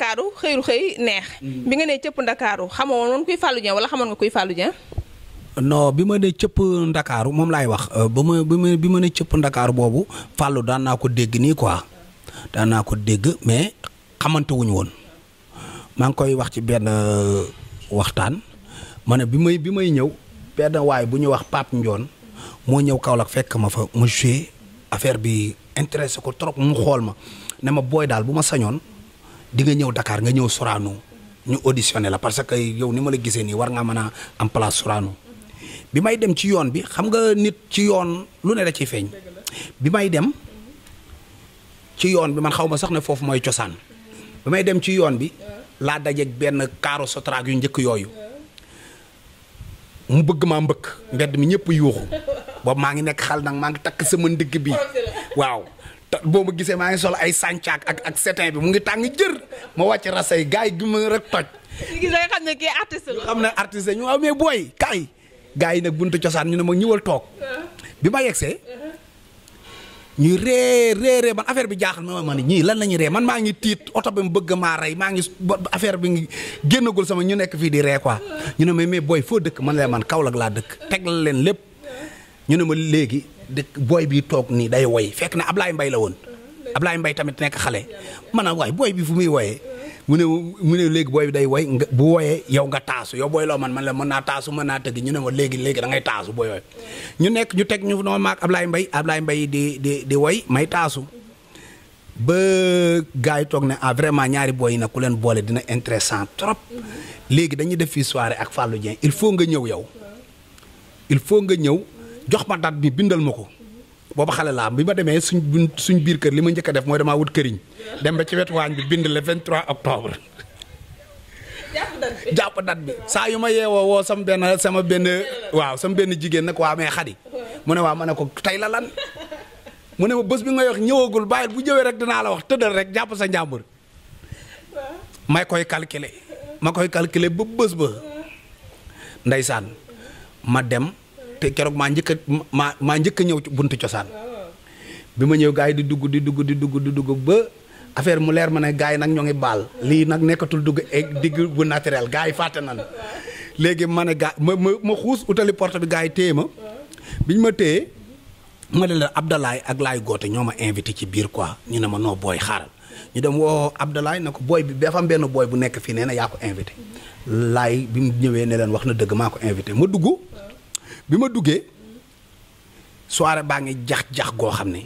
ndakaaru xëyul xëy neex. Mm-hmm. bi nga nee cëpp ndakaaru xamoo noonu kuy Fallou Dieng wala xamoon nga kuy Fallou Dieng. non bi ma ne cëpp ndakaaru moom laay wax euh, ba ma bi ma cëpp ndakaaru boobu Fallou daan naa ko dégg nii quoi daan naa ko dégg mais xamante woon maa ngi koy wax ci benn euh, waxtaan ma ne bi may bi may ñëw benn waay bu ñuy wax Pape Ndione moo ñëw Kaolack fekk ma fa ma joué affaire bi intéressé ko trop mu xool ma ne ma booy daal bu ma sañoon. di nga ñëw dakaar nga ñëw Sorano ñu auditionné la parce que yow ni ma la gisee nii war ngaa mën a am place Sorano bi may dem ci yoon bi xam nga nit ci yoon lu ne la ciy feeñ bi may dem ci yoon bi man xaw ma sax ne foofu mooy cosaan bi dem ci yoon bi laa dajeeg benn kaaro sotraak yu njëkk yooyu mu bëgg maa mbëkk mbedd mi ñëpp yuuxu boobu maa ngi nekk xal nag maa ngi takk sama ndigg bi waaw boo ma gisee maa ngi solo ay sàncaak ak ak setin bi mu ngi tàng jër ma wàcc rasay gars yi gi ma rek toj. ñu gis nga xam ne kii artiste la. xam amee booy kaay. gars yi nag buntu cosaan ñu ne ma ñëwal toog. bi ma yegsee. ñu ree ree ree man affaire bi jaaxal ma ma lan la ñuy ree man maa ngi tiit oto bi mu bëgg maa rey maa ngi affaire bi ngi génnagul sama ñu nekk fii di ree quoi. ñu ne may mais booy foo dëkk man la man Kaolack laa dëkk tegal leen lépp. ñu ne ma léegi dëkk booy bi toog nii day woy fekk na Ablaye Mbaye la woon Ablaye Mbaye tamit nekk xale ma ne waay booy bi fu muy woyee mu ne mu léegi booy bi day woy nga bu wooyee yow taasu yow booy loo man man mën naa taasu mën naa tëgg ñu ne ma léegi léegi da taasu booy woy ñu nekk ñu teg ñu noo maak Ablaye Mbaye Ablaye Mbaye di di woy may taasu ba gars yi toog na ah vraiment ñaari booy yi nag leen boole dina intéressant trop léegi dañuy def fii soirée ak Fallou Dieng il faut nga ñëw yow il faut nga ñëw jox ma date bi bindal ma ko booba xale laa bi ma demee suñ suñ biir kër li a def mooy damaa wut këriñ dem ba ci wetu waañ bi bind le 23 octobre. jàpp date bi saa yu ma yeewoo woo sama benn sama benn waaw sama benn jigéen nag waa mais xadi mu ne waa ko tey la lan mu ma bés bi nga wax ñëwagul bàyyil bu jëwee rek dinaa la wax rek sa may koy calculer calculer ba ba ma dem te keroog maa njëkk a maa maa njëkk a ñëw ci buntu cosaan bi ma ñëw gars yi di dugg di dugg di dugg di dugg ba affaire mu leer ma ne gars yi nag ñoo ngi baal lii nag nekkatul dugg egg eh, digg bu naturel gars yi fàtte na léegi ma ne gaa ma ma ma xuus utali porte bi gars yi téye ma biñ ma téye ma ne la Abdalaay ak Laay Goote ñoo ma invité ci biir quoi ñu ne ma noo booy xaaral ñu dem woo Abdalaay na ko booy bi dafa am benn booy bu nekk fii nee na yaa ko invité Laay bi mu ñëwee ne leen wax na dëgg maa ko invité ma dugg. bi ma duggee soirée baa ngi jax jax goo xam ne.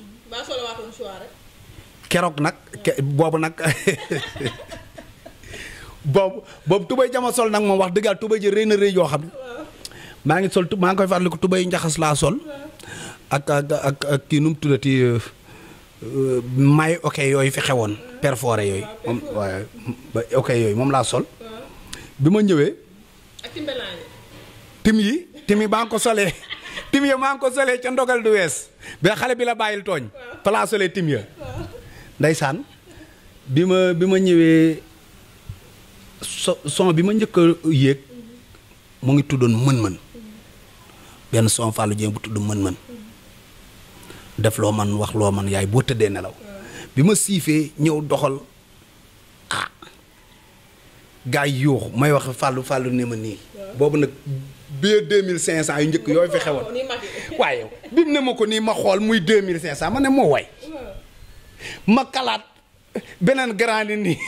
keroog nag boobu nag boobu boobu tubay jama sol nag moom wax dëggal tubay ji rëy na rëy joo xam ne maa ngi sol maa ngi koy fàttaliku tubay njaxas laa sol ak ak ak kii nu tuddati euh, euh, may ok yooyu fi xewoon perforé yooyu moom yooyu moom laa sol bi ma ñëwee. tim yi tim yi maa ngi ko solee tim ya maa ngi ko solee ca ndogal du wees ba xale bi la bàyyil tooñ palaa solee tim ya ndeysaan bi ma bi ma ñëwee so son bi ma njëkk a yéeg mu ngi tuddoon mën-mën benn son Fallou Dieng bu tudd mën-mën def loo man wax loo man yaay boo tëddee nelaw bi ma siifee ñëw doxal ah gars yi yuux may wax Fallou Fallou ne ma nii boobu nag billet deux mille cinq yu njëkk yooyu fi xewoon waaye bi mu ne ma ko nii ma xool muy deux mille ma ne moo way ma kalaat beneen grand nii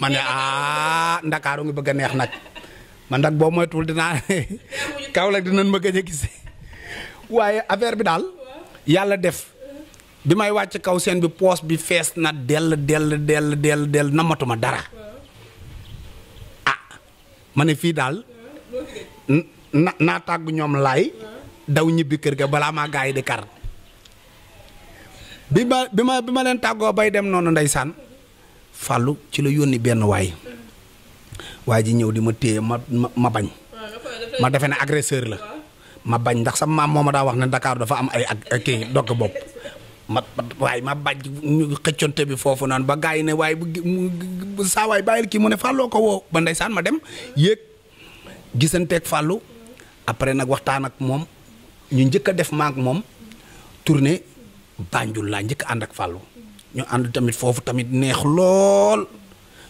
ma ne ah ndakaaru ngi bëgg a neex nag man nag boo moytuwul dinaa Kaolack dinañ ma gëj a gis waaye affaire bi daal yàlla def bi may wàcc kaw seen bi poos bi fees na dell del del del na matuma dara ah ma ne fii daal na tagu ñom lay daw ñibi kër ga bala ma gaay yi di kar bi bima bima ma bay dem nonu ndaysan fallu ci la yoni ben way waji ñew di ma téye ma ma bañ ma defé na agresseur la ma bañ ndax sama mam moma da wax ne Dakar dafa am ay ak dog bop ma way ma bañ ñu xëccionté bi fofu non ba gaay ne way bu sa way bayil ki mu ne fallo ko wo ba ndaysan ma dem yek gisanteeg Fallou après nag waxtaan ak moom ñu njëkk a def maak moom tournée Banjul laa njëkk ànd ak Fallou ñu ànd tamit foofu tamit neex lool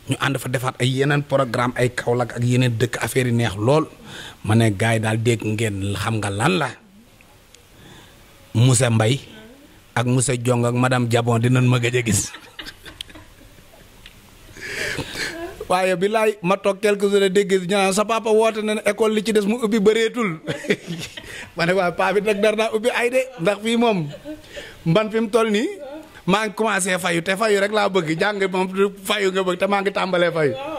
ñu ànd fa defaat ay yeneen programme ay Kaolack ak yeneen dëkk affaire yi neex lool ma ne gars yi daal dégg ngeen xam nga lan la Moussa mbay ak Moussa Jong ak madame Jabon dinañ ma gëj a gis waaye bi laay ma toog quelques heures dégg ñu naan sa papa woote na ne école li ci des mu ubbi bëreetul ma ne waaye paa bi nag dara naa ubbi ay de ndax fii moom mban fi mu toll nii maa ngi commencé fayu te fayu rek laa bëgg jàng moom fayu nga bëgg te maa ngi tàmbalee fayu.